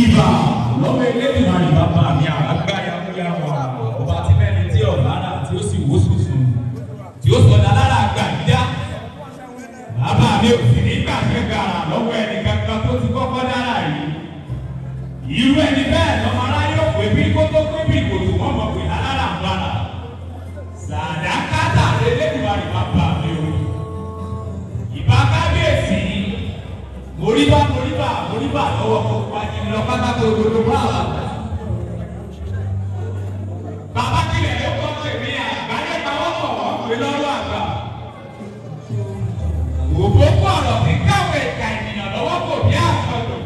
ìbà lọ́wọ́ elédùnmá ìbá bá mi àgbáyà múlẹ̀ àwọn ọba tí mẹ́rin tí ọ̀ lára tí ó sì wó sùsùn tí ó sọ̀dá lára àgbà dídá bàbá mi ò sì nígbà kẹgàrà lọ́wọ́ ẹni kankan tó ti kọ́kọ́ dára yìí irú ẹni bẹ́ẹ̀ lọ́mọ aráyé òpè bí kó tó pé bí kò tó wọ́n mọ̀ pé alára ń bára sàdákàtà elédùnmá ìbá bá mi ò ìbá kábíyèsí moríbá moríbá moríbá lọ́wọ́ kọ́kọ́ lọ bá bá gbogbo bá wa. Bàbá tilẹ̀ ló kọ́ ọmọ ìwé àgbáyé pawọ́ pọ̀ wọ́n pè lọ́rọ̀ àgbà. Òbó pọ̀ ọ̀rọ̀ tí káwé ìka ènìyàn lọ́wọ́ kò bí àtọ̀dọ̀.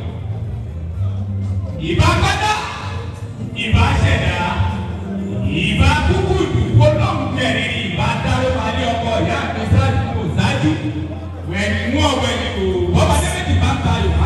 Ìbá gbọ́dọ̀, ìbá ṣẹ̀dá, ìbá kúkú ìdúgbò lọ́hùn jẹ̀rì ìbá dáró máa ní ọkọ̀ ìyá àgbẹ̀sájú kò sáájú. Wẹ̀ni mú ọ̀wẹ̀ni kò bọ́ba débẹ̀tì bá ń ta Yorùbá.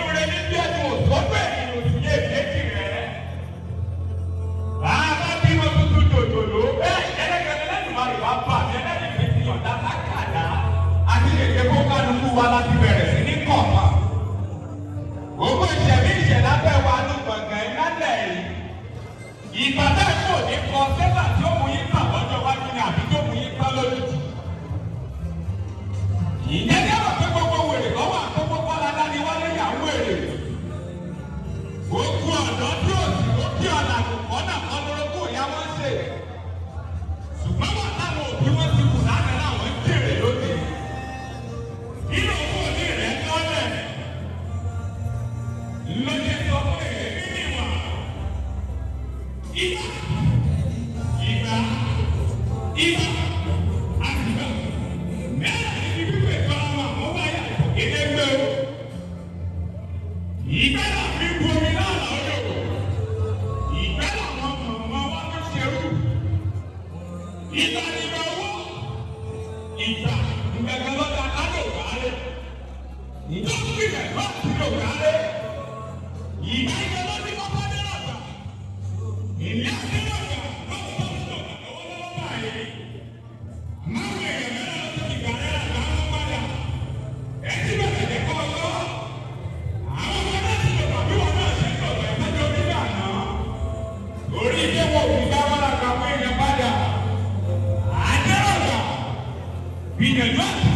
wa láti bẹ̀rẹ̀ sí ní kọ̀ọ̀kan gbogbo ìṣẹ̀lẹ̀ ìṣẹ̀lá bẹ́ẹ̀ wà ní gbọ̀ngàn ìlànà yìí ìbàdàn kò ní kọ sẹ́fà tí ó mú yín tà lọ́jọ́ wájú ni àbí tó mú yín tán lójijì. ìyẹn ní ọ̀rọ̀ pé gbogbo wèrè lọ́wọ́ àkókò kọ́lá dání wálé ìyàwó èrè. ó kú ọ̀nà tí ó sì ó kí ọ̀nà àgùkọ́ náà kọ́ lóró kó ìyá wọn ṣe. ìgbà ìgbà àtìgbà mẹ́rin ní pípẹ́ ìtọ́lá wa mo bá yà ìdè gbé o ìgbà náà fi bu omi náà là ọjọ́ o ìgbà náà wọn mọ̀ mọ́ wọn tó ṣe rú ìgbà nígbà owó ìgbà ìgbà kan lọ́ta ká ló wà á lé ìjọba ìgbà kan ló wà á lé.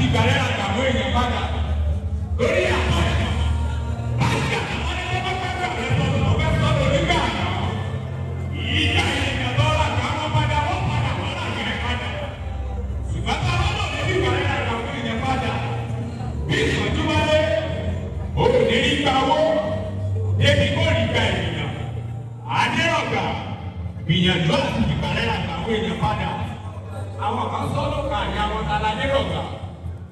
ìgbàlẹ́ àgbàmọ́ èèyàn padà lórí àpáta láti àpáta lọ́wọ́ pẹ́pẹ́ rẹ̀ lọ́wọ́ pẹ́pẹ́ lọ́wọ́ nígbà ìyá ìyẹn lọ́wọ́ àgbàmọ́ padà wọ́n padà wọ́n làjẹ́ padà ṣùgbọ́n táwọn náà lè ní ìgbàlẹ́ àgbàmọ́ èèyàn padà bí ìtọ́jú wá lé òun ní ìgbà owó débi kó rí gba ènìyàn àdérògbà gbìyànjú àti ìgbàlẹ́ àwọn kan sọ́dọ̀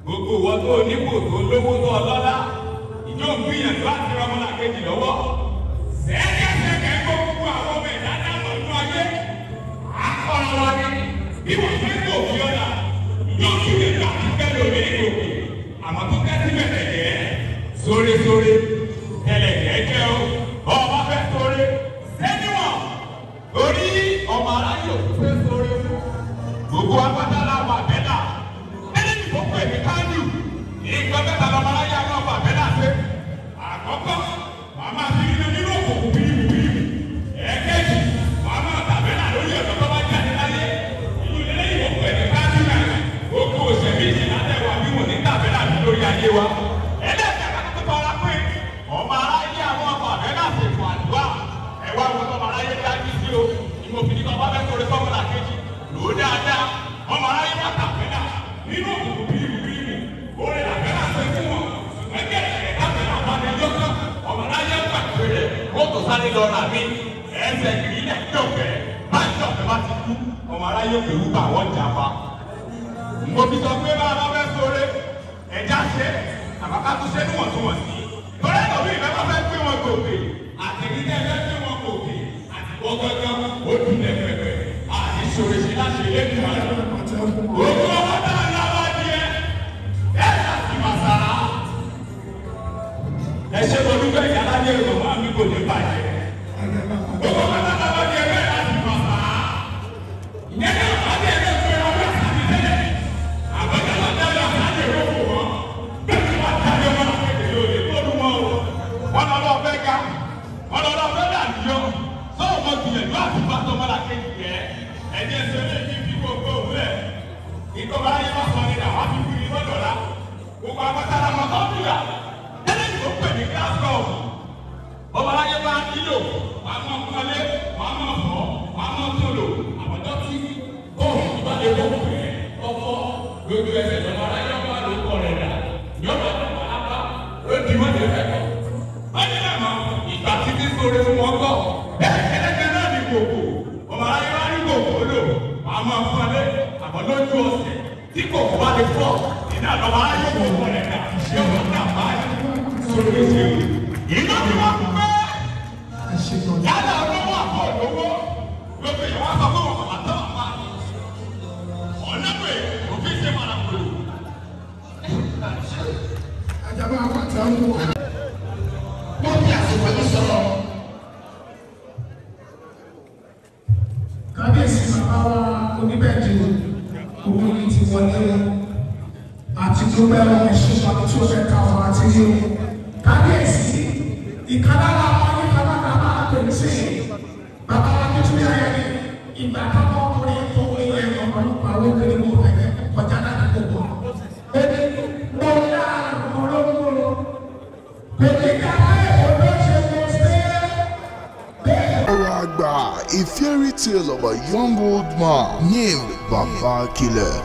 gbogbo wọn tó nípò tó lówó tó ọlọ́lá ìjọ gbìyànjú àti ọmọlàkejì lọ́wọ́ sẹ́kẹ́sẹ́kẹ́ kó gbogbo àwọn ọmọ ẹ̀dá náà lọ́dún ayé akọ̀rọ̀ wọn ni bí wọ́n fẹ́ kó fi ọ̀dà ìjọ gbìyànjú àti kẹ́lẹ́ òmìnir sórí sórí sáré lọ rà mí ẹsẹ̀ kìí ní ẹgbẹ́ ọ̀fẹ́ bá ti kú ọmọ aráyé pẹ̀lú bá àwọn ìjà fa. mo fi sọ pé bá a bá fẹ́ sóore ẹja ṣe àbáká tó ṣe níwọ̀ntúnwọ̀nsì torí ẹ̀dọ̀ mi ìfẹ́ bá fẹ́ gbé wọn gòkè àtẹ̀gídẹ́ fẹ́ gbé wọn gòkè àtìwọ́gbọ́gbọ́ ó dùn lẹ́gbẹ̀gbẹ̀ àti ṣòwò ṣe láṣẹ lẹ́nu ẹ̀jẹ̀ sọ eléyìí fi gbogbo òwúrẹ̀ ìtọ́ba ayé wà sọ nígbà wà fi kú ní mọ́tòlá gbogbo akọ́tara mọ́tò nígbà eléyìí ló pè ní glass cup ọba ayé wà nílò wà mọ́ kọ́lé wà mọ́ fọ́ wà mọ́ tòlò àbọ̀dọ́ tí bọ́ọ̀lù ìbáde wọ́pọ̀ rẹ̀ ọ̀fọ́ lójú ẹsẹ̀ lọ́wọ́ ayé wà ló kọ́ rẹ̀ dà yọ̀ọ́ tí kòkó bá ti fọ́ iná lọ máa yọ kòkó rẹ̀ ká ṣé o náà bá yọ sórí ṣe o. iná tí wọ́n kú pé yálà olówó àbọ̀ olówó lóbi ìwà àbọ̀ wọn. yìí àti tó bẹ́ẹ̀ lọ́wọ́ ìṣúná tí ó fẹ́ ká ọ àti yìí kábíyèsí ìkálára wọn ní kábàkà máa tẹ̀lé sí bàbá wa ní túnbí ayé ìgbà kábọ̀ ọkùnrin tó ń yẹ ọ̀pọ̀lọpọ̀ àwọn obìnrin mú ẹ̀yẹ kọjá láti gbogbo. Ebi mo yá olóńgbò pèlè káwé olóṣèlú ṣe bẹ́ẹ̀. Ọ̀rọ̀ a fairy tale of a young old man named Baba Killer.